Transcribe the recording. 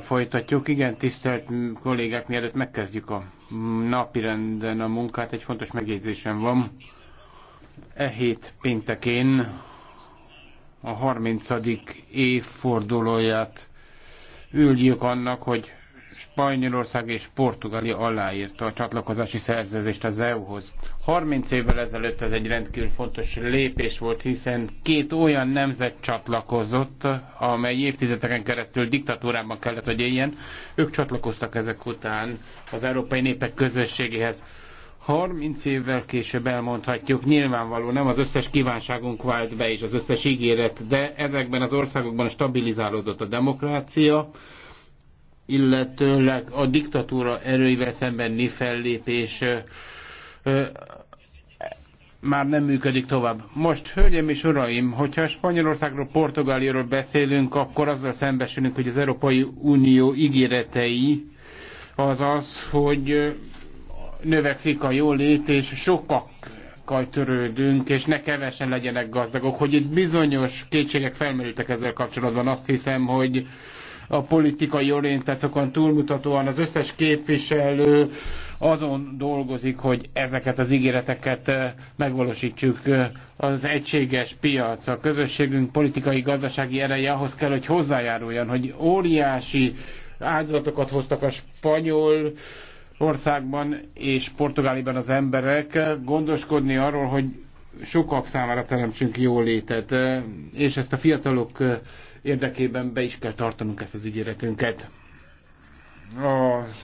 Folytatjuk. Igen, tisztelt kollégák, mielőtt megkezdjük a napirenden a munkát, egy fontos megjegyzésem van. E hét péntekén a 30. évfordulóját üljük annak, hogy Spanyolország és Portugália aláírta a csatlakozási szerződést az EU-hoz. 30 évvel ezelőtt ez egy rendkívül fontos lépés volt, hiszen két olyan nemzet csatlakozott, amely évtizedeken keresztül diktatúrában kellett, hogy éljen. Ők csatlakoztak ezek után az európai népek közösségéhez. 30 évvel később elmondhatjuk, nyilvánvaló nem az összes kívánságunk vált be és az összes ígéret, de ezekben az országokban stabilizálódott a demokrácia, illetőleg a diktatúra erőivel szembeni fellépés már nem működik tovább. Most, hölgyeim és uraim, hogyha Spanyolországról, Portugáliáról beszélünk, akkor azzal szembesülünk, hogy az Európai Unió ígéretei az az, hogy növekszik a jólét, és sokakkal törődünk, és ne kevesen legyenek gazdagok. Hogy itt bizonyos kétségek felmerültek ezzel kapcsolatban, azt hiszem, hogy a politikai orientációkon túlmutatóan az összes képviselő azon dolgozik, hogy ezeket az ígéreteket eh, megvalósítsuk. Eh, az egységes piac, a közösségünk politikai, gazdasági ereje ahhoz kell, hogy hozzájáruljon, hogy óriási áldozatokat hoztak a spanyol országban és Portugáliban az emberek, gondoskodni arról, hogy sokak számára teremtsünk létet, és ezt a fiatalok érdekében be is kell tartanunk ezt az ígéretünket. A